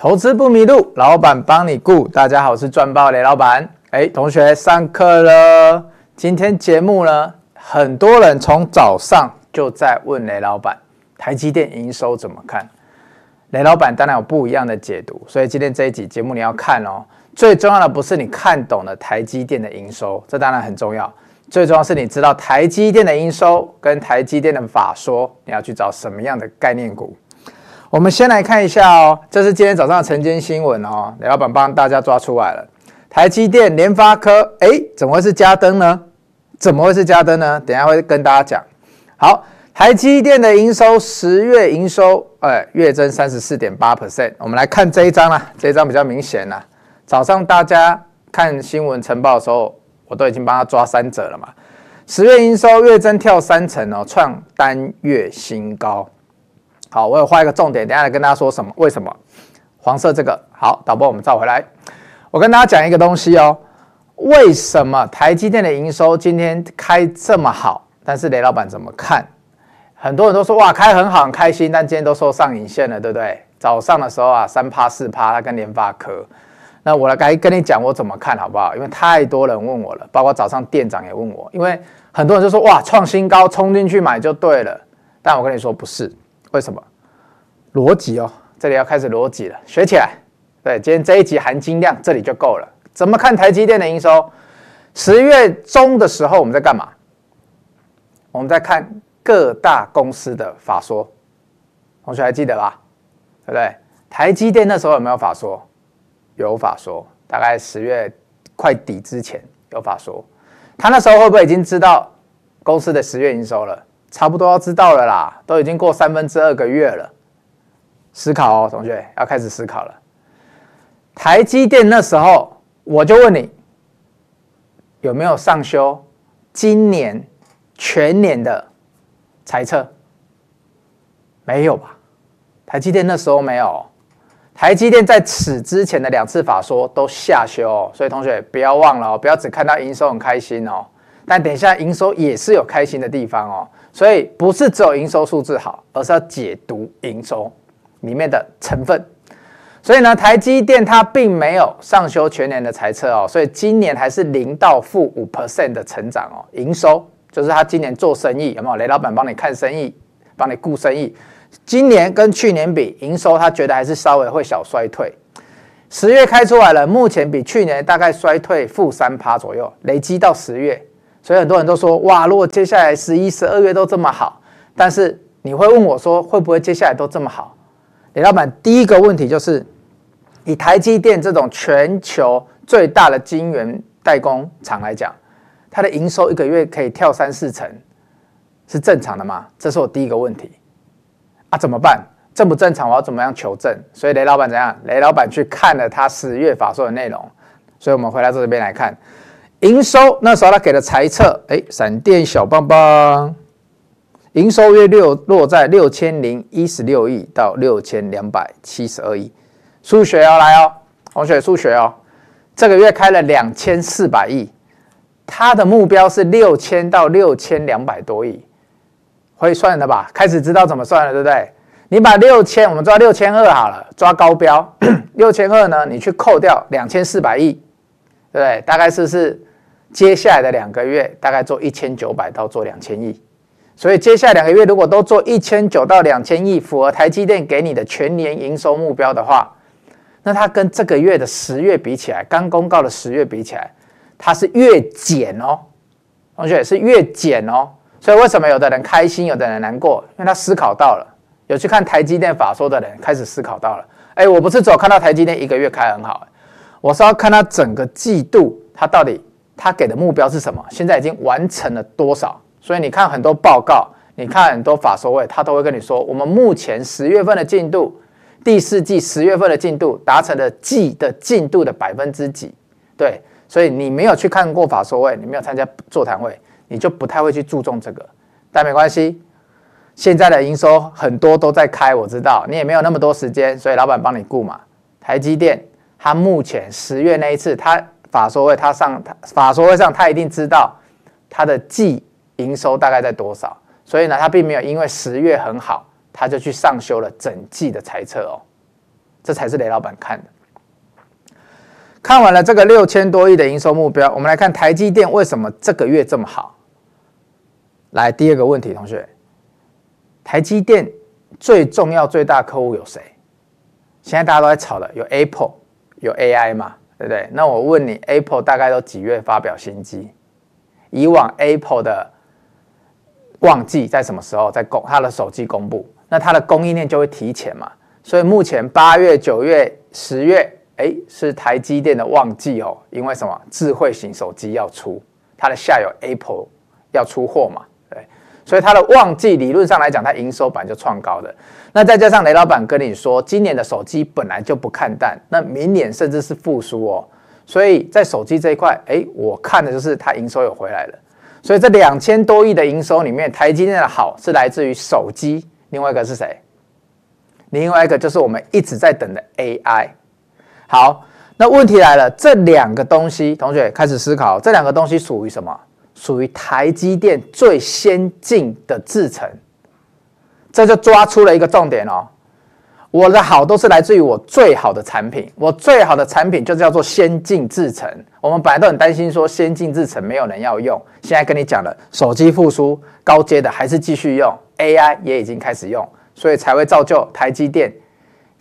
投資不迷路，老闆幫你顧。大家好，我是鑽豹雷老闆。哎、欸，同學上課了。今天節目呢，很多人從早上就在問雷老闆，台積電營收怎麼看？雷老闆當然有不一樣的解讀。所以今天這一集節目你要看哦。最重要的不是你看懂了台積電的營收，這當然很重要。最重要的是你知道台積電的營收跟台積電的法說，你要去找什麼樣的概念股。我們先來看一下哦，這、就是今天早上的晨間新聞哦，李老板幫大家抓出來了。台積電、聯發科，哎，怎麼會是加燈呢？怎麼會是加燈呢？等下會跟大家講。好，台積電的營收，十月營收，哎、呃，月增三十四點八 percent。我們來看這一張啊，這一張比較明顯啦。早上大家看新聞晨報的時候，我都已經幫他抓三者了嘛。十月營收，月增跳三成哦，創單月新高。好，我有畫一個重點，等一下來跟大家說什麼？為什麼黃色這個？好，導播我們照回來。我跟大家講一個東西哦，為什麼台積電的營收今天開這麼好？但是雷老板怎麼看？很多人都說哇，開很好，很開心，但今天都收上影線了，對不對？早上的時候啊，三趴四趴，他跟聯發科。那我來跟跟你講，我怎麼看好不好？因為太多人問我了，包括早上店長也問我，因為很多人就說哇，創新高，衝進去買就對了。但我跟你說不是。為什麼？邏輯哦？這裡要開始邏輯了，學起來。對，今天這一集含金量這裡就夠了。怎麼看台積電的營收？十月中的時候我們在幹嘛？我們在看各大公司的法說，同學還記得吧？對不對？台積電那時候有沒有法說？有法說，大概十月快底之前有法說。他那時候會不會已經知道公司的十月營收了？差不多要知道了啦，都已經過三分之二個月了，思考哦，同學要開始思考了。台積電那時候我就問你，有沒有上修今年全年的財測？沒有吧？台積電那時候沒有，台積電在此之前的兩次法說都下修哦，所以同學不要忘了哦，不要只看到營收很開心哦。但等一下，營收也是有開心的地方哦，所以不是只有營收數字好，而是要解讀營收裡面的成分。所以呢，台積電它並沒有上修全年的財測哦，所以今年還是零到負五 percent 的成長哦。營收就是他今年做生意有沒有雷老闆，幫你看生意，幫你顧生意。今年跟去年比，營收他覺得還是稍微會小衰退。十月開出來了，目前比去年大概衰退負三趴左右，累積到十月。所以很多人都說哇，如果接下來十一、十二月都這麼好，但是你會問我說，會不會接下來都這麼好？雷老闆第一個問題就是，以台積電這種全球最大的晶圓代工廠來講，它的營收一個月可以跳三四成，是正常的嗎？這是我第一個問題。啊，怎麼辦？正不正常？我要怎麼樣求證？所以雷老闆怎樣？雷老闆去看了他十月法說的內容。所以我們回到這邊來看。營收那時候他給了財測，哎、欸，閃電小棒棒，營收月六落在六千零一十六億到六千兩百七十二億。數學要、哦、來哦，同學數學哦，這個月開了兩千四百億，他的目標是六千到六千兩百多億，會算了吧？開始知道怎麼算了對不對？你把六千我們抓六千二好了，抓高標六千二呢？你去扣掉兩千四百億，對不對？大概是是？接下來的兩個月大概做一千九百到做兩千億，所以接下來兩個月如果都做一千九到兩千億，符合台積電給你的全年營收目標的話，那它跟這個月的十月比起來，剛公告的十月比起來，它是月減哦，同學也是月減哦，所以為什麼有的人開心，有的人難過？因為他思考到了，有去看台積電法說的人開始思考到了，哎，我不是只有看到台積電一個月開很好，我是要看它整個季度，它到底。他給的目標是什麼？現在已經完成了多少？所以你看很多報告，你看很多法說會，他都會跟你說，我們目前十月份的進度，第四季十月份的進度，達成了季的進度的百分之幾？對，所以你沒有去看過法說會，你沒有參加座談會，你就不太會去注重這個。但沒關係，現在的營收很多都在開，我知道你也沒有那麼多時間，所以老闆幫你顧嘛。台積電，他目前十月那一次，他。法說會，他上他法說會上，他一定知道他的季營收大概在多少，所以呢，他並沒有因為十月很好，他就去上修了整季的財測哦，這才是雷老板看的。看完了這個六千多億的營收目標，我們來看台積電為什麼這個月這麼好。來，第二個問題，同學，台積電最重要、最大客戶有誰？現在大家都在吵了，有 Apple，有 AI 嘛？對不對？那我問你，Apple 大概都幾月發表新機？以往 Apple 的旺季在什麼時候？在公它的手機公布，那它的供應鏈就會提前嘛。所以目前八月、九月、十月，哎，是台積電的旺季哦。因為什麼？智慧型手機要出，它的下游 Apple 要出貨嘛。所以它的旺季理論上來講，它營收本來就創高的。那再加上雷老板跟你說，今年的手機本來就不看淡，那明年甚至是復甦哦。所以在手機這一塊，誒，我看的就是它營收有回來了。所以這兩千多億的營收裡面，台積電的好是來自於手機，另外一個是誰？另外一個就是我們一直在等的 AI。好，那問題來了，這兩個東西，同學開始思考，這兩個東西屬於什麼？屬於台積電最先進的制程，這就抓出了一個重點哦。我的好都是來自於我最好的產品，我最好的產品就是叫做先進製程。我們本來都很擔心說先進製程沒有人要用，現在跟你講了，手機復甦高階的還是繼續用，AI 也已經開始用，所以才會造就台積電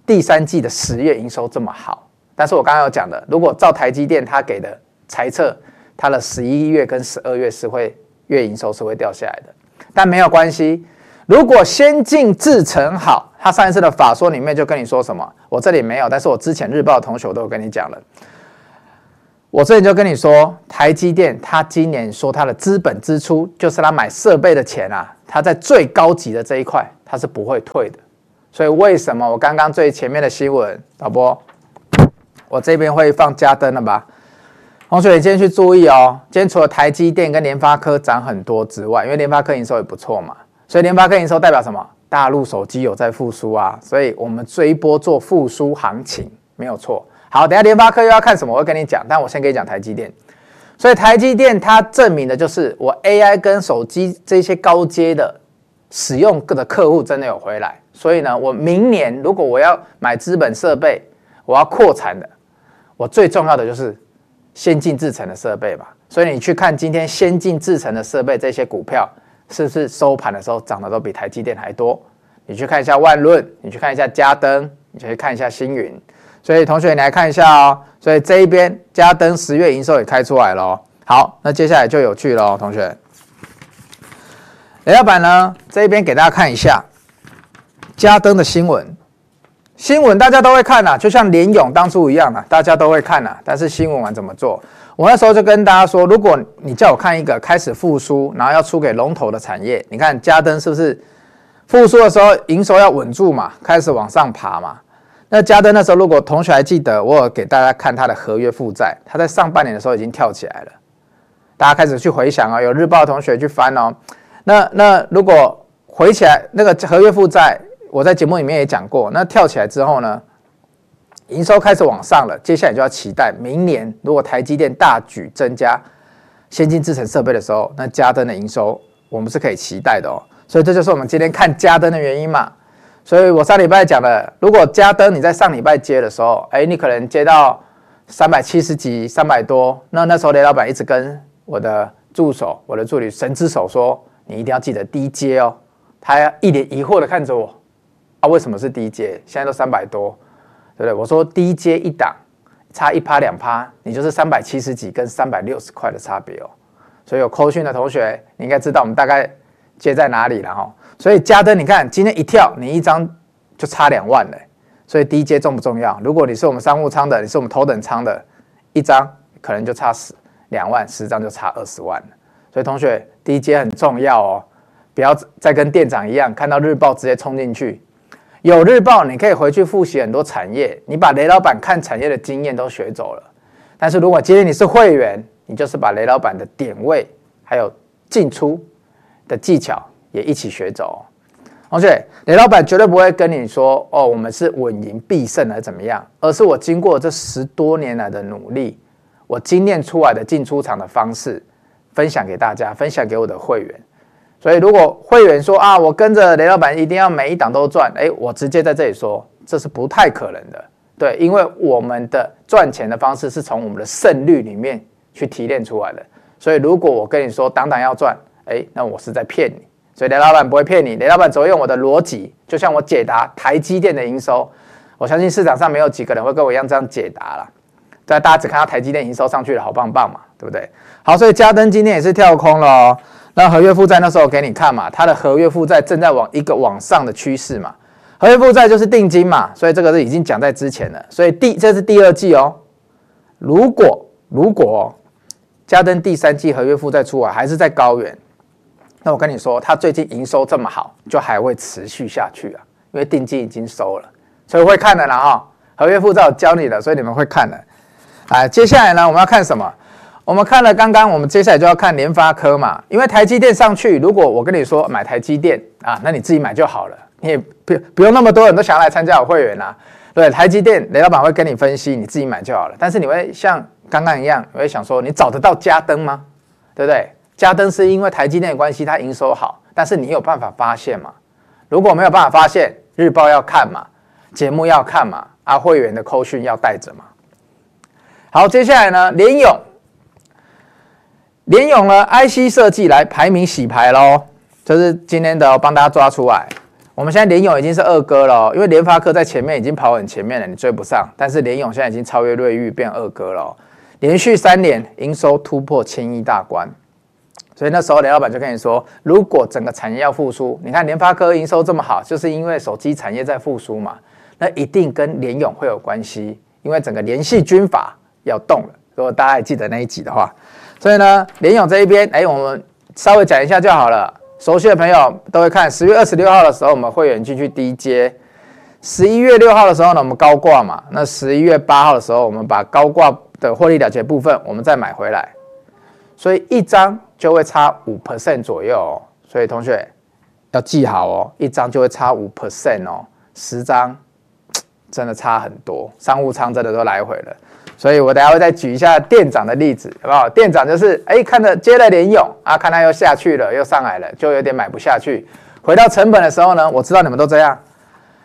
第三季的十月營收這麼好。但是我剛剛有講的，如果照台積電他給的財測。它的十一月跟十二月是會月營收是會掉下來的，但沒有關係。如果先進製程好，它上一次的法說裡面就跟你說什麼，我這裡沒有，但是我之前日報的同學我都跟你講了。我這裡就跟你說，台積電它今年說它的資本支出，就是他買設備的錢啊，它在最高級的這一塊它是不會退的。所以為什麼我剛剛最前面的新聞導播，我這邊會放加燈了吧？同學，你今天去注意哦。今天除了台積電跟聯發科漲很多之外，因為聯發科營收也不錯嘛，所以聯發科營收代表什麼？大陸手機有在復甦啊，所以我們追波做復甦行情沒有錯。好，等下聯發科又要看什麼？我會跟你講。但我先給你講台積電。所以台積電它證明的就是，我 AI 跟手機這些高階的使用的客戶真的有回來。所以呢，我明年如果我要買資本設備，我要擴產的，我最重要的就是。先進製程的設備吧，所以你去看今天先進製程的設備這些股票，是不是收盤的時候漲得都比台積電還多？你去看一下萬潤，你去看一下家登，你去看一下辛耘。所以同學，你來看一下哦、喔。所以這一邊家登十月營收也開出來了。好，那接下來就有趣嘍、喔，同學。雷老闆呢？這一邊給大家看一下家登的新聞。新聞大家都會看、啊、就像聯詠當初一樣、啊、大家都會看、啊、但是新聞完怎麼做？我那時候就跟大家說，如果你叫我看一個開始復甦，然後要出給龍頭的產業，你看家登是不是復甦的時候營收要穩住嘛，開始往上爬嘛？那家登那時候，如果同學還記得，我給大家看他的合約負債，他在上半年的時候已經跳起來了。大家開始去回想啊、哦，有日報同學去翻哦。那那如果回起來，那個合約負債。我在節目裡面也講過，那跳起來之後呢，營收開始往上了，接下來就要期待明年，如果台積電大舉增加先進製程設備的時候，那家登的營收我們是可以期待的哦。所以這就是我們今天看家登的原因嘛。所以我上禮拜講了，如果家登你在上禮拜接的時候，哎、欸，你可能接到三百七十幾、三百多，那那時候雷老闆一直跟我的助手、我的助理神之手說，你一定要記得低接哦。他一臉疑惑的看着我。啊，為什麼是低階現在都三百多，對不對？我說低階一檔差一趴兩趴，你就是三百七十幾跟三百六十塊的差別哦。所以有扣訊的同學，你應該知道我們大概接在哪裡了哈。所以加登，你看今天一跳，你一張就差兩萬嘞、欸。所以低階重不重要？如果你是我們商務艙的，你是我們頭等艙的，一張可能就差十兩萬，十張就差二十萬。所以同學，低階很重要哦、喔，不要再跟店長一樣，看到日報直接衝進去。有日報，你可以回去複習很多產業，你把雷老板看產業的經驗都學走了。但是，如果今天你是會員，你就是把雷老板的點位還有進出的技巧也一起學走。同學，雷老板絕對不會跟你說：“哦，我們是穩贏必勝而怎麼樣？”而是我經過這十多年來的努力，我精煉出來的進出場的方式，分享給大家，分享給我的會員。所以，如果會員說啊，我跟着雷老闆一定要每一檔都賺，誒，我直接在這裡說，這是不太可能的，對，因為我們的賺錢的方式是從我們的勝率裡面去提煉出來的。所以，如果我跟你說檔檔要賺，誒，那我是在騙你。所以，雷老闆不會騙你，雷老闆只會用我的邏輯，就像我解答台積電的營收，我相信市場上沒有幾個人會跟我一樣這樣解答了。但大家只看到台積電營收上去了，好棒棒嘛。對不對？好，所以加登今天也是跳空了哦。那合約負債那時候給你看嘛，它的合約負債正在往一個往上的趨勢嘛。合約負債就是定金嘛，所以這個是已經講在之前了。所以第這是第二季哦。如果如果加登第三季合約負債出來還是在高原。那我跟你說，它最近營收這麼好，就還會持續下去啊，因為定金已經收了，所以我會看的了啦哦。合約負債我教你的，所以你們會看的。哎，接下來呢，我們要看什麼？我們看了剛剛，我們接下來就要看聯發科嘛，因為台積電上去。如果我跟你說買台積電啊，那你自己買就好了，你也不不用那麼多人都想要來參加我會員啊。對，台積電雷老板會跟你分析，你自己買就好了。但是你會像剛剛一樣，會想說你找得到家登嗎？對不對？家登是因為台積電的關係，它營收好，但是你有辦法發現嘛。如果沒有辦法發現，日報要看嘛，節目要看嘛，啊，會員的扣訊要帶着嘛。好，接下來呢，聯詠。聯詠呢？IC 設計來排名洗牌嘍，就是今天的喔，幫大家抓出來。我們現在聯詠已經是二哥了，因為聯發科在前面已經跑很前面了，你追不上。但是聯詠現在已經超越瑞昱，變二哥了，連續三年營收突破千億大關。所以那時候雷老闆就跟你說，如果整個產業要復甦，你看聯發科營收這麼好，就是因為手機產業在復甦嘛，那一定跟聯詠會有關係，因為整個聯繫軍閥要動了。如果大家還記得那一集的話。所以呢，聯勇這一邊，哎、欸，我們稍微講一下就好了。熟悉的朋友都會看，十月二十六號的時候，我們會員進去低接；十一月六號的時候呢，我們高掛嘛。那十一月八號的時候，我們把高掛的獲利了結部分，我們再買回來。所以一張就會差五 percent 左右、哦。所以同學要記好哦，一張就會差五 percent 哦。十張真的差很多，商務艙真的都來回了。所以我待會再舉一下店長的例子，好不好？店長就是哎、欸，看着接了點用啊，看他又下去了，又上來了，就有點買不下去。回到成本的時候呢，我知道你們都這樣，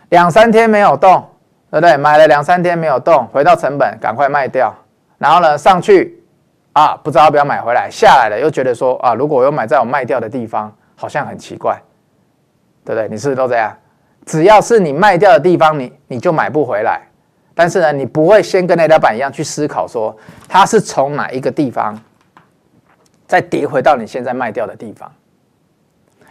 兩三天沒有動，對不對？買了兩三天沒有動，回到成本趕快賣掉，然後呢上去啊，不知道要不要買回來。下來了又覺得說啊，如果我又買在我賣掉的地方，好像很奇怪，對不對？你是不是都這樣？只要是你賣掉的地方，你你就買不回來。但是呢，你不會先跟那條板一樣去思考說它是從哪一個地方再跌回到你現在賣掉的地方，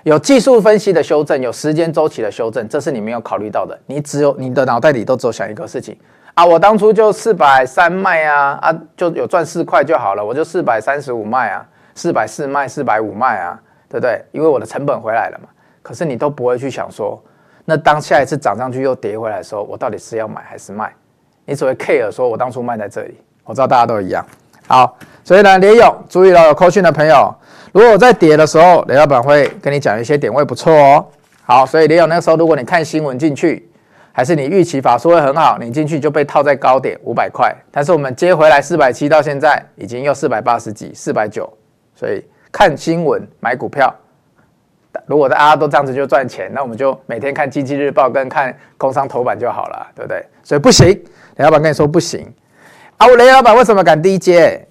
有技術分析的修正，有時間周期的修正，這是你沒有考慮到的。你只有你的腦袋裡都只有想一個事情啊，我當初就四百三賣啊啊，就有賺四塊就好了，我就四百三十五賣啊，四百四賣，四百五賣啊，對不對？因為我的成本回來了嘛。可是你都不會去想說，那當下一次漲上去又跌回來的時候，我到底是要買還是賣？你只會 care 說，我當初賣在這裡，我知道大家都一樣。好，所以呢，李勇注意了，有 coaching 的朋友，如果我在跌的時候，李老闆會跟你講一些點位不錯哦。好，所以李勇那個時候，如果你看新聞進去，還是你預期法說會很好，你進去就被套在高點五百塊，但是我們接回來四百七到現在已經有四百八十幾、四百九，所以看新聞買股票。如果大家、啊、都這樣子就賺錢，那我們就每天看《經濟日報》跟看《工商頭版》就好了，對不對？所以不行，雷老板跟你說不行。啊，我雷老板為什麼敢 DJ？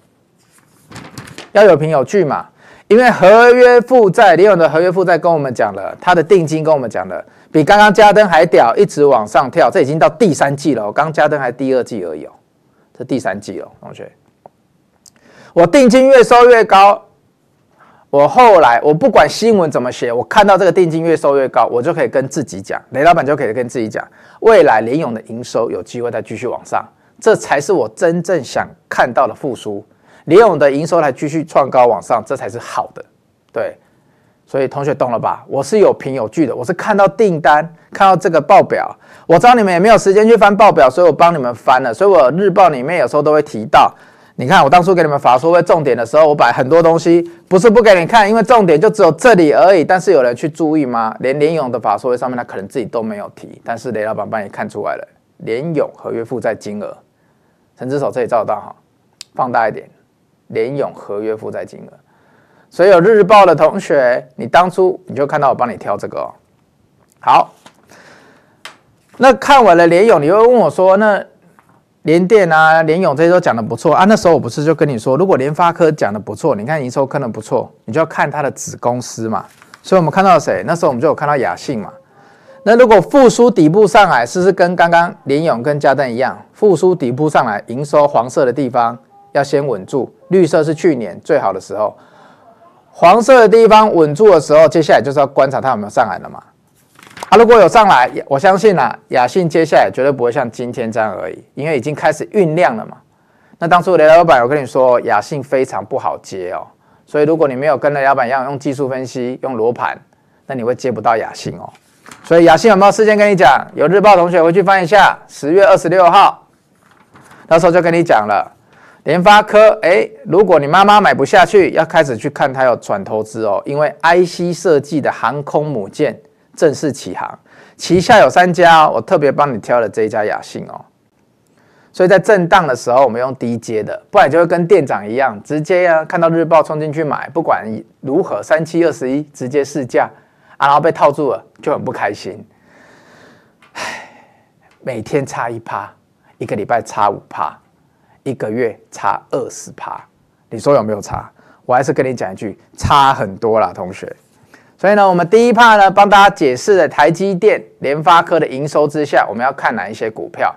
要有憑有據嘛。因為合約負債，林勇的合約負債跟我們講了，他的定金跟我們講了比剛剛家登還屌，一直往上跳，這已經到第三季了。我剛家登還第二季而已哦，這第三季了，同學。我定金越收越高。我後來，我不管新聞怎麼寫，我看到這個定金越收越高，我就可以跟自己講，雷老闆就可以跟自己講，未來聯詠的營收有機會再繼續往上，這才是我真正想看到的復甦。聯詠的營收再繼續創高往上，這才是好的。對，所以同學懂了吧？我是有憑有據的，我是看到訂單，看到這個報表。我知道你們也沒有時間去翻報表，所以我幫你們翻了。所以我日報裡面有時候都會提到。你看，我當初給你們法說會重點的時候，我擺很多東西不是不給你看，因為重點就只有這裡而已。但是有人去注意嗎？連連勇的法說會上面，他可能自己都沒有提。但是雷老板幫你看出來了，聯勇合約負債金額，陳之手這裡照得到哈，放大一點，連勇合約負債金額。所以有日報的同學，你當初你就看到我幫你挑這個哦、喔。好，那看完了連勇，你又問我說那？聯電啊，聯詠這些都講的不錯啊。那時候我不是就跟你說，如果聯發科講的不錯，你看營收看的不錯，你就要看它的子公司嘛。所以我們看到誰？那時候我們就有看到亞信嘛。那如果復甦底部上來，是不是跟剛剛聯詠跟嘉登一樣？復甦底部上來，營收黃色的地方要先穩住，綠色是去年最好的時候，黃色的地方穩住的時候，接下來就是要觀察它有沒有上來了嘛。啊，如果有上來，我相信啊，亞信接下來絕對不會像今天這樣而已，因為已經開始醞釀了嘛。那當初雷老闆，我跟你說，亞信非常不好接哦，所以如果你沒有跟雷老闆一樣用技術分析、用羅盤，那你會接不到亞信哦。所以亞信有沒有事先跟你講？有日報同學回去翻一下，十月二十六號，到時候就跟你講了。聯發科，欸，如果你媽媽買不下去，要開始去看它有轉投資哦，因為 IC 設計的航空母艦。正式起航，旗下有三家哦，我特別幫你挑了這一家雅信哦。所以在震盪的時候，我們用低階的，不然就會跟店長一樣，直接啊看到日報衝進去買，不管如何三七二十一直接市價啊，然後被套住了就很不開心。唉，每天差一趴，一個禮拜差五趴，一個月差二十趴，你說有沒有差？我還是跟你講一句，差很多啦，同學。所以呢，我們第一趴呢，幫大家解釋了台積電、聯發科的營收之下，我們要看哪一些股票，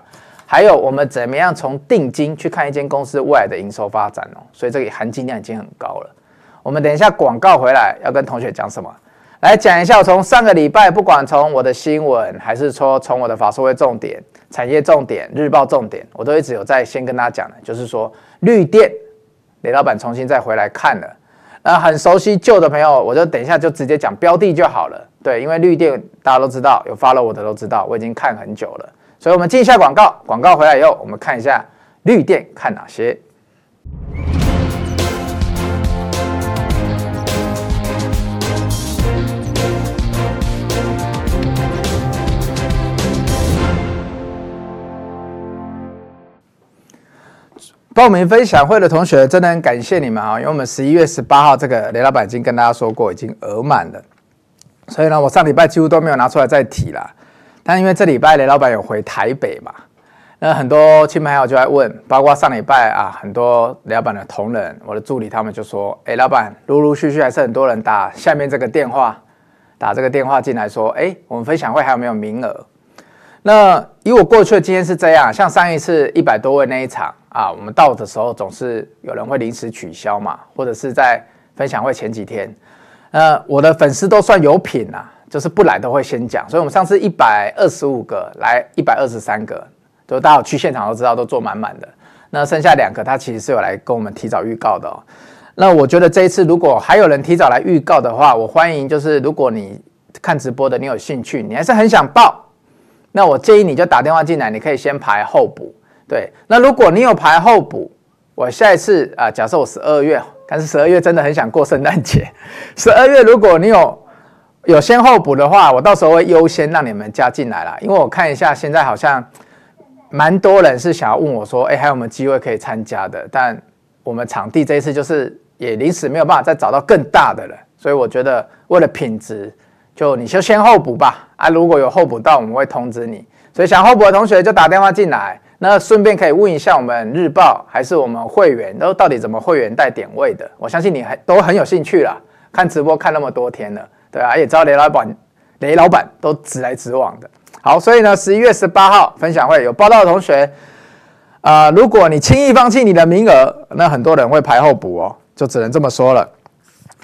還有我們怎麼樣從定金去看一間公司未來的營收發展哦。所以這裡含金量已經很高了。我們等一下廣告回來，要跟同學講什麼？來講一下，從上個禮拜，不管從我的新聞，還是說從我的法說會重點、產業重點、日報重點，我都一直有在先跟大家講的，就是說綠電雷老板重新再回來看了。啊，很熟悉舊的朋友，我就等一下就直接講標的就好了。對，因為綠電大家都知道，有 follow 我的都知道，我已經看很久了。所以我們進一下廣告，廣告回來以後，我們看一下綠電看哪些。跟我們分享會的同學，真的很感謝你們啊、喔！因為我們十一月十八號這個雷老板已經跟大家說過，已經額滿了，所以呢，我上禮拜幾乎都沒有拿出來再提了。但因為這禮拜雷老板有回台北嘛，那很多親朋好友就在問，包括上禮拜啊，很多雷老板的同仁、我的助理，他們就說：“哎，老板，陸陸續續還是很多人打下面這個電話，打這個電話進來，說：哎，我們分享會還有沒有名額？”那以我過去的經驗是這樣，像上一次一百多位那一場啊，我們到的時候總是有人會臨時取消嘛，或者是在分享會前幾天、呃，那我的粉絲都算有品啦、啊、就是不來都會先講。所以，我們上次一百二十五個來一百二十三個，就大家去現場都知道都坐滿滿的。那剩下兩個他其實是有來跟我們提早預告的、哦。那我覺得這一次如果還有人提早來預告的話，我歡迎。就是如果你看直播的，你有興趣，你還是很想報。那我建議你就打電話進來，你可以先排候補。對，那如果你有排候補，我下一次啊，假設我十二月，但是十二月真的很想過聖誕節，十二月如果你有有先候補的話，我到時候會優先讓你們加進來啦。因為我看一下現在好像蠻多人是想要問我說，哎，還有沒有機會可以參加的？但我們場地這一次就是也臨時沒有辦法再找到更大的了，所以我覺得為了品質，就你就先候補吧。啊，如果有候補到，我們會通知你。所以想候補的同學就打電話進來。那順便可以問一下我們日報還是我們會員，都到底怎麼會員帶點位的？我相信你還都很有興趣啦，看直播看那麼多天了，對啊，而且知道雷老闆，雷老闆都直來直往的。好，所以呢，十一月十八號分享會有報道的同學，啊。如果你輕易放棄你的名額，那很多人會排候補哦，就只能這麼說了。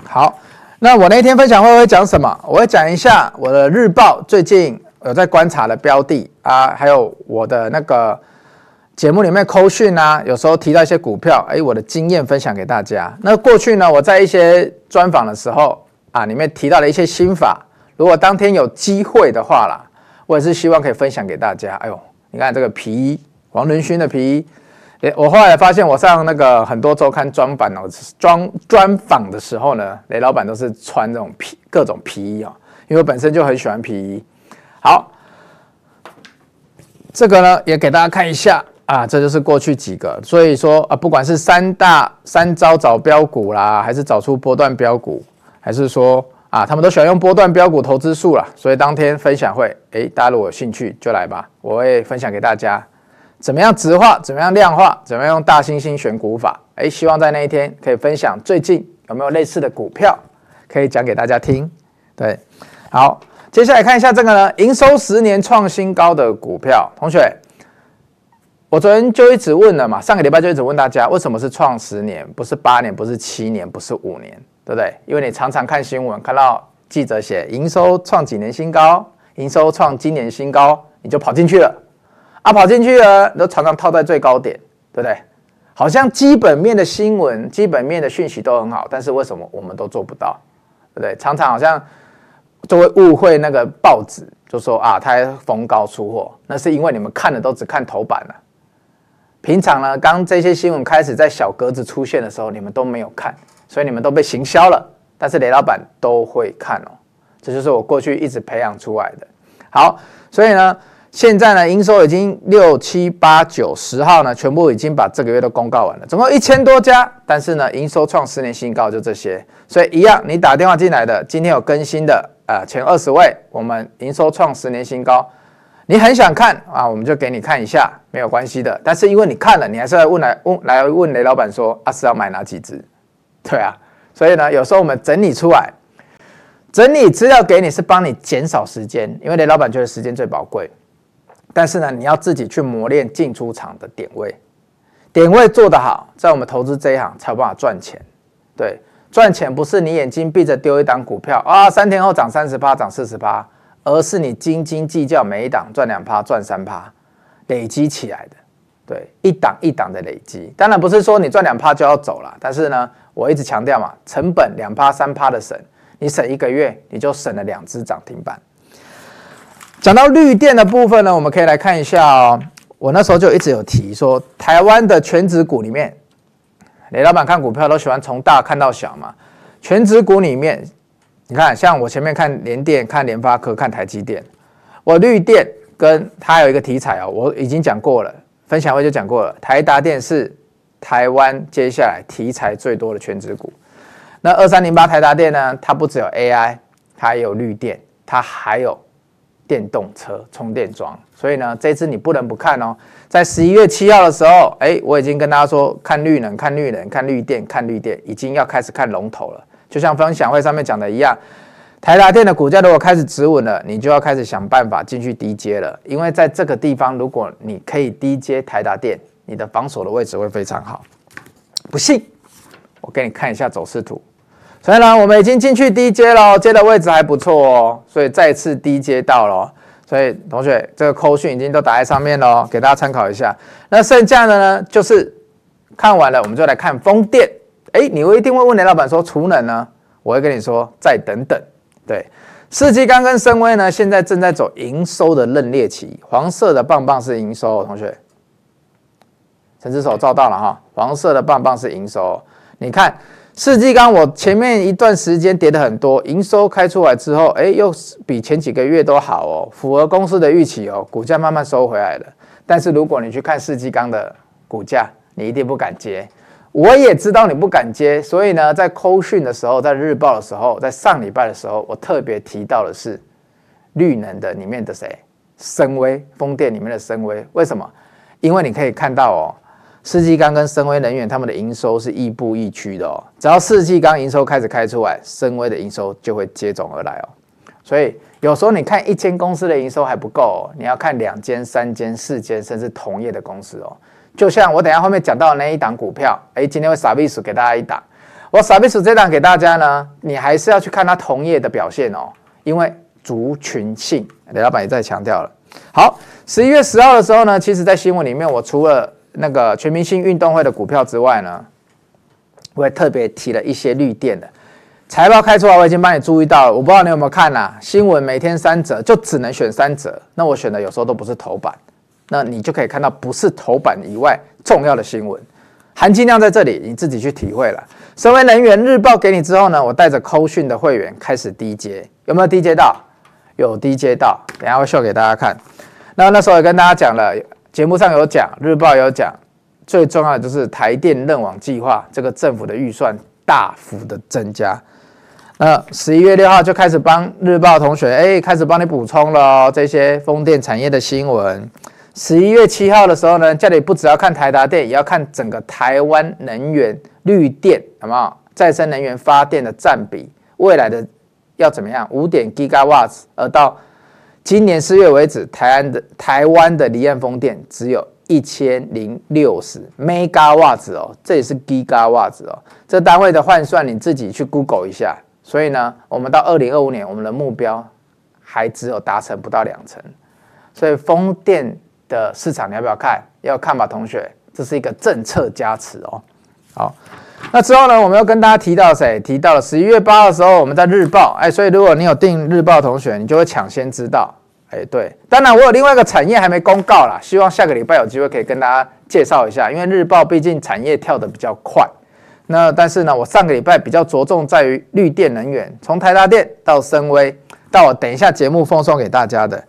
好。那我那天分享會不會講什麼？我會講一下我的日報最近有在觀察的標的啊，還有我的那個節目裡面扣訊啊，有時候提到一些股票，哎，我的經驗分享給大家。那過去呢，我在一些專訪的時候啊，裡面提到了一些心法，如果當天有機會的話啦，我也是希望可以分享給大家。哎呦，你看這個皮衣，黃仁勳的皮衣。哎，欸、我後來發現，我上那個很多週刊專版，哦，專專訪的時候呢，雷老闆都是穿這種皮各種皮衣哦、喔，因為本身就很喜歡皮衣。好，這個呢也給大家看一下啊，這就是過去幾個，所以說啊，不管是三大三招找標股啦，還是找出波段標股，還是說啊，他們都喜歡用波段標股投資術了，所以當天分享會，哎，大家如果有興趣就來吧，我會分享給大家。怎麼樣質化？怎麼樣量化？怎麼樣用大猩猩選股法？哎、欸，希望在那一天可以分享最近有沒有類似的股票，可以講給大家聽。對，好，接下來看一下這個呢，營收十年創新高的股票。同學，我昨天就一直問了嘛，上個禮拜就一直問大家，為什麼是創十年，不是八年，不是七年，不是五年，對不對？因為你常常看新聞，看到記者寫營收創幾年新高，營收創今年新高，你就跑進去了。啊，跑進去了，都常常套在最高點，對不對？好像基本面的新聞、基本面的訊息都很好，但是為什麼我們都做不到？對不對？常常好像就會誤會那個報紙，就說啊，他還逢高出貨，那是因為你們看的都只看頭版了。平常呢，剛這些新聞開始在小格子出現的時候，你們都沒有看，所以你們都被行銷了。但是雷老闆都會看哦，這就是我過去一直培養出來的。好，所以呢。現在呢，營收已經六七八九十號呢，全部已經把這個月都公告完了，總共一千多家。但是呢，營收創十年新高就這些。所以一樣，你打電話進來的，今天有更新的，呃，前二十位，我們營收創十年新高，你很想看啊，我們就給你看一下，沒有關係的。但是因為你看了，你還是要問來問來問雷老闆說，啊，是要買哪幾支？對啊，所以呢，有時候我們整理出來，整理資料給你是幫你減少時間，因為雷老闆覺得時間最寶貴。但是呢，你要自己去磨練進出場的點位，點位做得好，在我們投資這一行才有辦法賺錢。對，賺錢不是你眼睛閉着丟一檔股票啊，三天後漲三十趴，漲四十趴，而是你斤斤計較每一檔賺兩趴，賺三趴，累積起來的。對，一檔一檔的累積。當然不是說你賺兩趴就要走了，但是呢，我一直強調嘛，成本兩趴三趴的省，你省一個月，你就省了兩支漲停板。講到綠電的部分呢，我們可以來看一下哦。我那時候就一直有提說，台灣的權值股裡面，雷老板看股票都喜歡從大看到小嘛。權值股裡面，你看像我前面看聯電、看聯發科、看台積電，我綠電跟它有一個題材哦，我已經講過了，分享會就講過了。台達電是台灣接下來題材最多的權值股。那二三零八台達電呢，它不只有 AI，它還有綠電，它還有。電動車充電樁，所以呢，這次你不能不看哦。在十一月七號的時候，哎，我已經跟大家說，看綠能，看綠能，看綠電，看綠電，已經要開始看龍頭了。就像分享會上面講的一樣，台達電的股價如果開始止穩了，你就要開始想辦法進去低接了。因為在這個地方，如果你可以低接台達電，你的防守的位置會非常好。不信，我給你看一下走勢圖。所以呢，我們已經進去低接了、喔，接的位置還不錯哦，所以再次低接到了、喔。所以同學，這個口訊已經都打在上面咯、喔，給大家參考一下。那剩下的呢，就是看完了，我們就來看風電、欸。誒你一定會問林老闆說，儲能呢？我會跟你說，再等等。對，世紀鋼跟上緯呢，現在正在走營收的認列期，黃色的棒棒是營收、喔，同學，陳志手照到了哈、喔，黃色的棒棒是營收、喔，你看。世紀鋼，我前面一段時間跌得很多，營收開出來之後，哎，又比前幾個月都好哦，符合公司的預期哦，股價慢慢收回來了。但是如果你去看世紀鋼的股價，你一定不敢接。我也知道你不敢接，所以呢，在扣訊的時候，在日報的時候，在上禮拜的時候，我特別提到的是綠能的裡面的誰，森崴風電裡面的森崴。為什麼？因為你可以看到哦。四季剛跟深威人員他們的營收是亦步亦趨的哦、喔。只要四季剛營收開始開出來，深威的營收就會接踵而來哦、喔。所以有時候你看一間公司的營收還不夠、喔，你要看兩間、三間、四間，甚至同業的公司哦、喔。就像我等一下後面講到的那一檔股票，哎，今天我傻逼 s 給大家一檔，我傻逼 s 這檔給大家呢，你還是要去看它同業的表現哦、喔，因為族群性、欸，雷老闆也在強調了。好，十一月十號的時候呢，其實在新聞裡面，我除了那個全明星運動會的股票之外呢，我也特別提了一些綠電的財報開出來，我已經幫你注意到了，我不知道你有沒有看啊？新聞每天三折，就只能選三折，那我選的有時候都不是頭版，那你就可以看到不是頭版以外重要的新聞，含金量在這裡，你自己去體會了。身為能源日報給你之後呢，我帶着扣訊的會員開始 DJ，有沒有 DJ 到？有 DJ 到，等下會秀給大家看。那那時候也跟大家講了。節目上有講，日報有講，最重要的就是台電韌網計劃這個政府的預算大幅的增加。那十一月六號就開始幫日報同學，哎，開始幫你補充了、哦、這些風電產業的新聞。十一月七號的時候呢，這裡不只要看台達電，也要看整個台灣能源綠電，有沒有再生能源發電的占比？未來的要怎麼樣？五點吉瓦瓦斯，而到。今年四月為止，台灣的台灣的離岸風電只有一千零六十 mega 瓦哦，這也是 giga 瓦哦，這單位的換算你自己去 Google 一下。所以呢，我們到二零二五年，我們的目標還只有達成不到兩成，所以風電的市場你要不要看？要看吧，同學，這是一個政策加持哦。好。那之後呢，我們又跟大家提到誰？提到了十一月八號的時候，我們在日報，哎，所以如果你有訂日報同學，你就會搶先知道，哎，對。當然，我有另外一個產業還沒公告啦，希望下個禮拜有機會可以跟大家介紹一下，因為日報畢竟產業跳得比較快。那但是呢，我上個禮拜比較着重在於綠電能源，從台達電到森崴，到我等一下節目奉送給大家的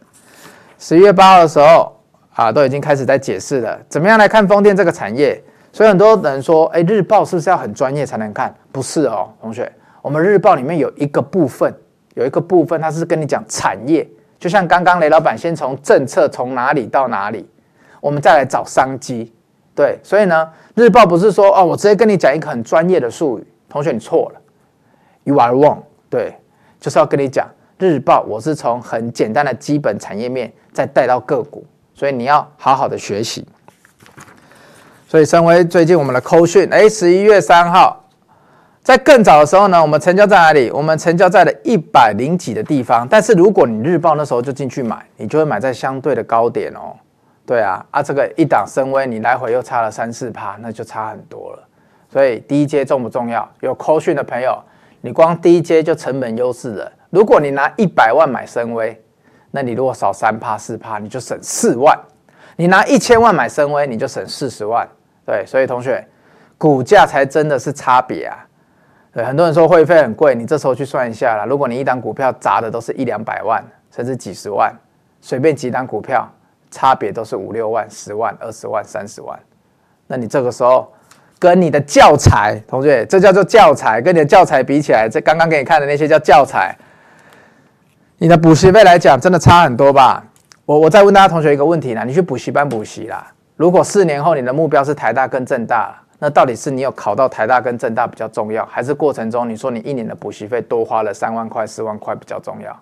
十一月八號的時候啊，都已經開始在解釋了，怎麼樣來看風電這個產業？所以很多人說，欸，日報是不是要很專業才能看？不是哦，同學，我們日報裡面有一個部分，有一個部分，它是跟你講產業，就像剛剛雷老板先從政策從哪裡到哪裡，我們再來找商機。對，所以呢，日報不是說哦，我直接跟你講一個很專業的術語，同學你錯了，You are wrong。對，就是要跟你講，日報我是從很簡單的基本產業面再帶到個股，所以你要好好的學習。所以森崴最近我們的 call 訊，哎，十一月三號，在更早的時候呢，我們成交在哪裡？我們成交在了一百零幾的地方。但是如果你日報那時候就進去買，你就會買在相對的高點哦、喔。對啊，啊這個一檔森崴，你來回又差了三四趴，那就差很多了。所以低階重不重要？有 call 訊的朋友，你光低階就成本優勢了。如果你拿一百萬買森崴，那你如果少三趴四趴，你就省四萬；你拿一千萬買森崴，你就省四十萬。對，所以同學，股價才真的是差別啊！對，很多人說會費很貴，你這時候去算一下啦。如果你一檔股票砸的都是一兩百萬，甚至幾十萬，隨便幾檔股票差別都是五六萬、十萬、二十萬、三十萬，那你這個時候跟你的教材，同學，這叫做教材，跟你的教材比起來，這剛剛給你看的那些叫教材，你的補習費來講，真的差很多吧？我我再問大家同學一個問題啦，你去補習班補習啦？如果四年後你的目標是台大跟政大，那到底是你有考到台大跟政大比較重要，還是過程中你說你一年的補習費多花了三萬塊、四萬塊比較重要？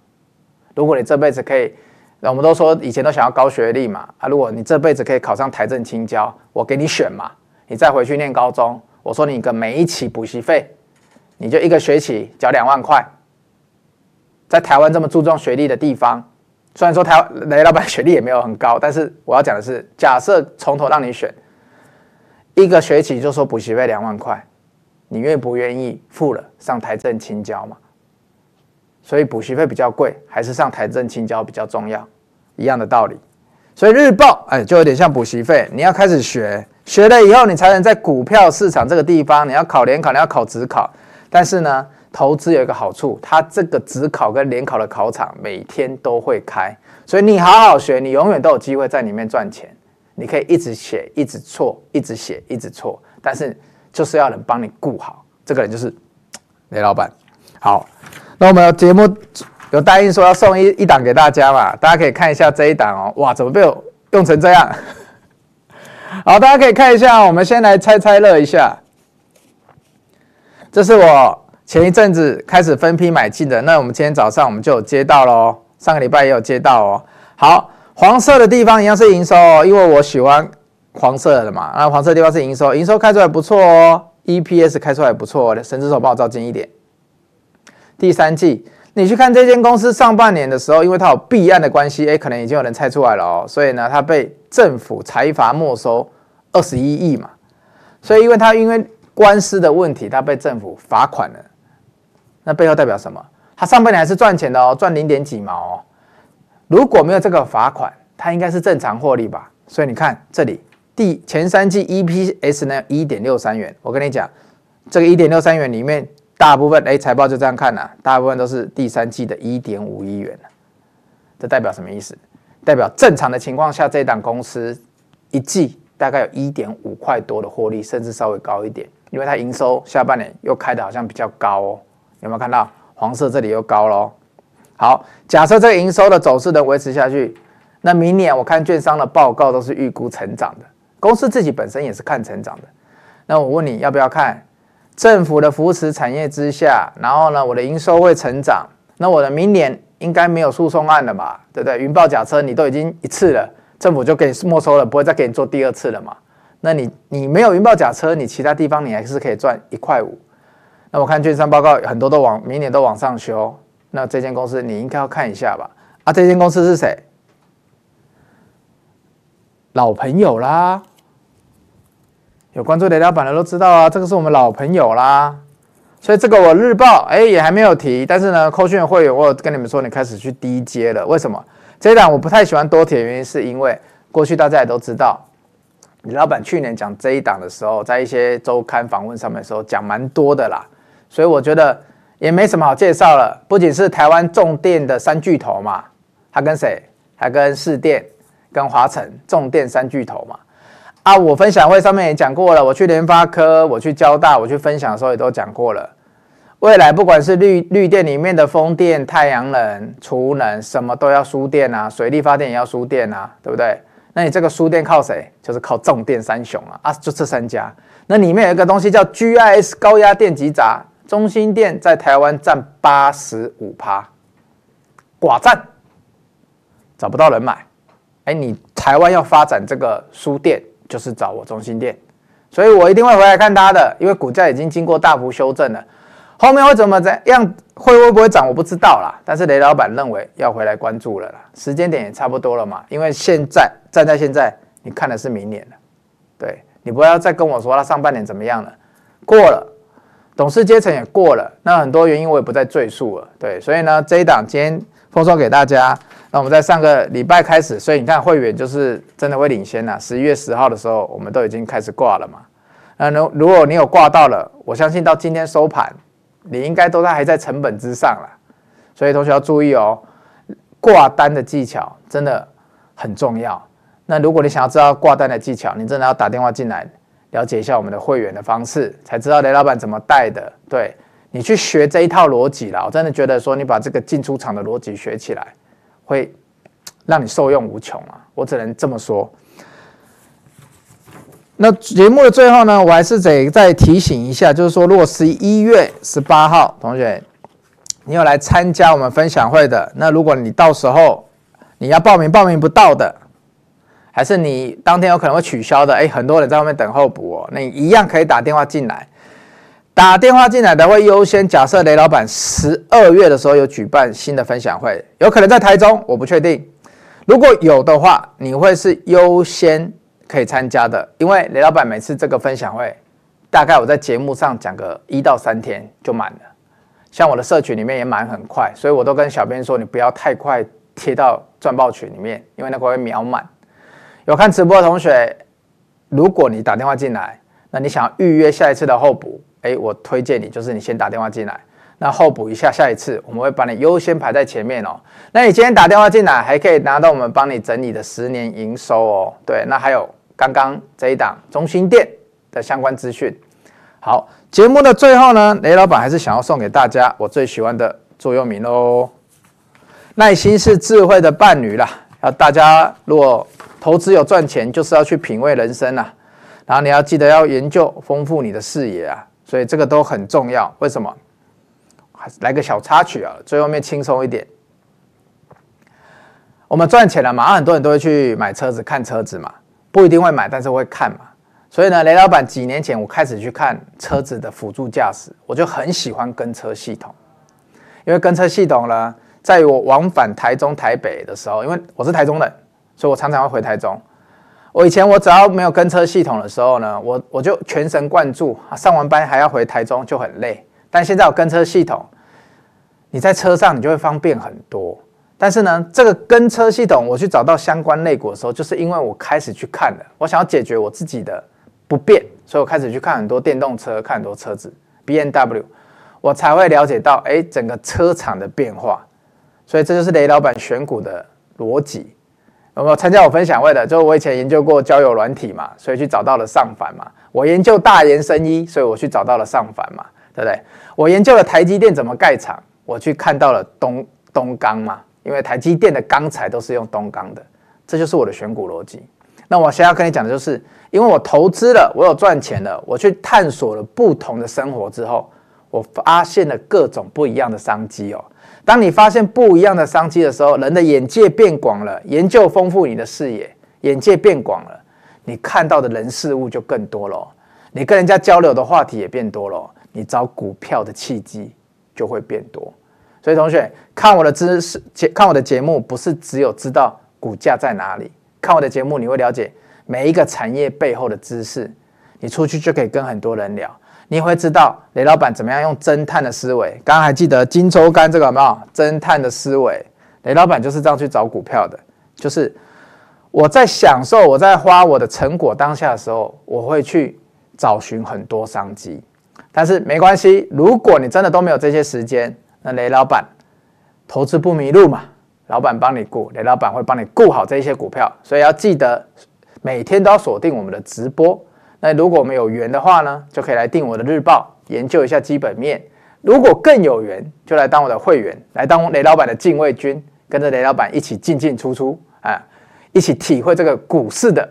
如果你這輩子可以，那我們都說以前都想要高學歷嘛啊！如果你這輩子可以考上台政清交，我給你選嘛，你再回去念高中。我說你一個每一期補習費，你就一個學期繳兩萬塊，在台灣這麼注重學歷的地方。雖然說台雷老板學歷也沒有很高，但是我要講的是，假設從頭讓你選一個學期，就說補習費兩萬塊，你願不願意付了上台政清交嘛？所以補習費比較貴，還是上台政清交比較重要，一樣的道理。所以日報哎，就有點像補習費，你要開始學，學了以後你才能在股票市場這個地方，你要考聯考，你要考指考，但是呢。投資有一個好處，它這個指考跟聯考的考場每天都會開，所以你好好學，你永遠都有機會在裡面賺錢。你可以一直寫，一直錯，一直寫，一直錯，但是就是要人幫你顧好，這個人就是雷老闆。好，那我們節目有答應說要送一一檔給大家嘛，大家可以看一下這一檔哦。哇，怎麼被我用成這樣？好，大家可以看一下，我們先來猜猜樂一下。這是我。前一陣子開始分批買進的，那我們今天早上我們就有接到咯、哦，上個禮拜也有接到哦。好，黃色的地方一樣是營收、哦，因為我喜歡黃色的嘛，那黃色的地方是營收，營收開出來不錯哦，EPS 開出來不錯、哦。神之手幫我照近一點。第三季，你去看這間公司上半年的時候，因為它有弊案的關係，哎、欸，可能已經有人猜出來了哦，所以呢，它被政府裁罰沒收二十一億嘛，所以因為它因為官司的問題，它被政府罰款了。那背後代表什麼？它上半年還是賺錢的哦，賺零點幾毛哦。如果沒有這個罰款，它應該是正常獲利吧？所以你看這裡第前三季 EPS 呢一點六三元。我跟你講，這個一點六三元裡面大部分哎，財報就這樣看呢、啊，大部分都是第三季的一點五一元、啊。這代表什麼意思？代表正常的情況下，這檔公司一季大概有一點五塊多的獲利，甚至稍微高一點，因為它營收下半年又開的好像比較高哦。有沒有看到黃色？這裡又高嘍。好，假設這個營收的走勢能維持下去，那明年我看券商的報告都是預估成長的，公司自己本身也是看成長的。那我問你要不要看政府的扶持產業之下，然後呢，我的營收會成長。那我的明年應該沒有訴訟案了吧？對不對？雲豹假車你都已經一次了，政府就給你沒收了，不會再給你做第二次了嘛？那你你沒有雲豹假車，你其他地方你還是可以賺一塊五。那我看券商報告很多都往明年都往上修，那這間公司你應該要看一下吧？啊，這間公司是誰？老朋友啦，有關注雷老板的都知道啊，這個是我們老朋友啦。所以這個我日報哎、欸、也還沒有提，但是呢，扣訊的會員我有跟你們說，你開始去低接了。為什麼這一檔我不太喜歡多提？原因是因為過去大家也都知道，李老板去年講這一檔的時候，在一些周刊訪問上面的時候講蠻多的啦。所以我覺得也沒什麼好介紹了，不僅是台灣重電的三巨頭嘛，它跟誰？還跟士電、跟華城、重電三巨頭嘛。啊，我分享會上面也講過了，我去聯發科、我去交大、我去分享的時候也都講過了。未來不管是綠綠電裡面的風電、太陽能、儲能，什麼都要輸電啊，水力發電也要輸電啊，對不對？那你這個輸電靠誰？就是靠重電三雄啊，啊，就這三家。那裡面有一個東西叫 GIS 高壓電極閘。中心店在台灣佔八十五趴，寡占，找不到人買。哎，你台灣要發展這個書店，就是找我中心店，所以我一定會回來看它的，因為股價已經經過大幅修正了。後面會怎麼樣會會不會漲，我不知道啦。但是雷老板認為要回來關注了啦，時間點也差不多了嘛。因為現在站在現在，你看的是明年了。對，你不要再跟我說他上半年怎麼樣了，過了。董事階層也過了，那很多原因我也不再贅述了。對，所以呢，這一檔今天奉送給大家。那我們在上個禮拜開始，所以你看會員就是真的會領先了。十一月十號的時候，我們都已經開始掛了嘛。那如如果你有掛到了，我相信到今天收盤，你應該都在還在成本之上了。所以同學要注意哦、喔，掛單的技巧真的很重要。那如果你想要知道掛單的技巧，你真的要打電話進來。了解一下我們的會員的方式，才知道雷老闆怎麼帶的。對，你去學這一套邏輯了，我真的覺得說你把這個進出場的邏輯學起來，會讓你受用無窮啊！我只能這麼說。那節目的最後呢，我還是得再提醒一下，就是說，如果十一月十八號同學你有來參加我們分享會的，那如果你到時候你要報名，報名不到的。還是你當天有可能會取消的，誒，很多人在外面等候補哦，那你一樣可以打電話進來。打電話進來的會優先。假設雷老板十二月的時候有舉辦新的分享會，有可能在台中，我不確定。如果有的話，你會是優先可以參加的，因為雷老板每次這個分享會，大概我在節目上講個一到三天就滿了，像我的社群裡面也滿很快，所以我都跟小編說，你不要太快貼到鑽豹群裡面，因為那個會秒滿。有看直播的同學，如果你打電話進來，那你想要預約下一次的候補，誒，我推薦你就是你先打電話進來，那候補一下下一次，我們會把你優先排在前面哦。那你今天打電話進來，還可以拿到我們幫你整理的十年營收哦。對，那還有剛剛這一檔中心店的相關資訊。好，節目的最後呢，雷老闆還是想要送給大家我最喜歡的座右銘嘍：耐心是智慧的伴侶啦。那大家如果投資有賺錢，就是要去品味人生啊，然後你要記得要研究，豐富你的視野啊。所以這個都很重要。為什麼？還是來個小插曲啊，最後面輕鬆一點。我們賺錢了嘛，啊，很多人都會去買車子看車子嘛，不一定會買，但是會看嘛。所以呢，雷老板幾年前我開始去看車子的輔助駕駛，我就很喜歡跟車系統，因為跟車系統呢，在我往返台中台北的時候，因為我是台中人。所以我常常會回台中。我以前我只要沒有跟車系統的時候呢，我我就全神貫注啊，上完班還要回台中就很累。但現在我跟車系統，你在車上你就會方便很多。但是呢，這個跟車系統我去找到相關類股的時候，就是因為我開始去看了，我想要解決我自己的不便，所以我開始去看很多電動車，看很多車子 BMW，我才會了解到哎，整個車廠的變化。所以這就是雷老板選股的邏輯。有沒有參加我分享會的？就我以前研究過交友軟體嘛，所以去找到了尚凡嘛。我研究大研生醫，所以我去找到了尚凡嘛，對不對？我研究了台積電怎麼蓋廠，我去看到了東東鋼嘛，因為台積電的鋼材都是用東鋼的，這就是我的選股邏輯。那我現在要跟你講的就是，因為我投資了，我有賺錢了，我去探索了不同的生活之後，我發現了各種不一樣的商機哦。當你發現不一樣的商機的時候，人的眼界變廣了，研究豐富你的視野，眼界變廣了，你看到的人事物就更多了，你跟人家交流的話題也變多了，你找股票的契機就會變多。所以同學，看我的知識節，看我的節目，不是只有知道股價在哪裡，看我的節目你會了解每一個產業背後的知識，你出去就可以跟很多人聊。你會知道雷老闆怎麼樣用偵探的思維。剛才還記得金州干這個沒有？偵探的思維，雷老闆就是這樣去找股票的。就是我在享受我在花我的成果當下的時候，我會去找尋很多商機。但是沒關係，如果你真的都沒有這些時間，那雷老闆投資不迷路嘛，老闆幫你顧，雷老闆會幫你顧好這些股票。所以要記得每天都要鎖定我們的直播。那如果我們有緣的話呢，就可以來訂我的日報，研究一下基本面。如果更有緣，就來當我的會員，來當雷老闆的近衛軍，跟着雷老闆一起進進出出，啊，一起體會這個股市的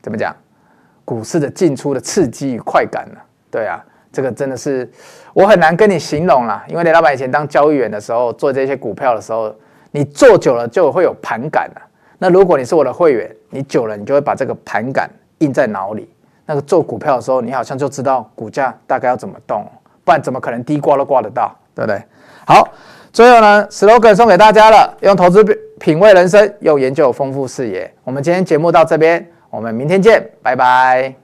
怎麼講，股市的進出的刺激與快感呢、啊？對啊，這個真的是我很難跟你形容啦、啊，因為雷老闆以前當交易員的時候做這些股票的時候，你做久了就會有盤感了、啊。那如果你是我的會員，你久了你就會把這個盤感印在腦裡。那個做股票的時候，你好像就知道股價大概要怎麼動，不然怎麼可能低掛都掛得到，對不對？好，最後呢，slogan 送給大家了：用投資品味人生，又研究豐富視野。我們今天節目到這邊，我們明天見，拜拜。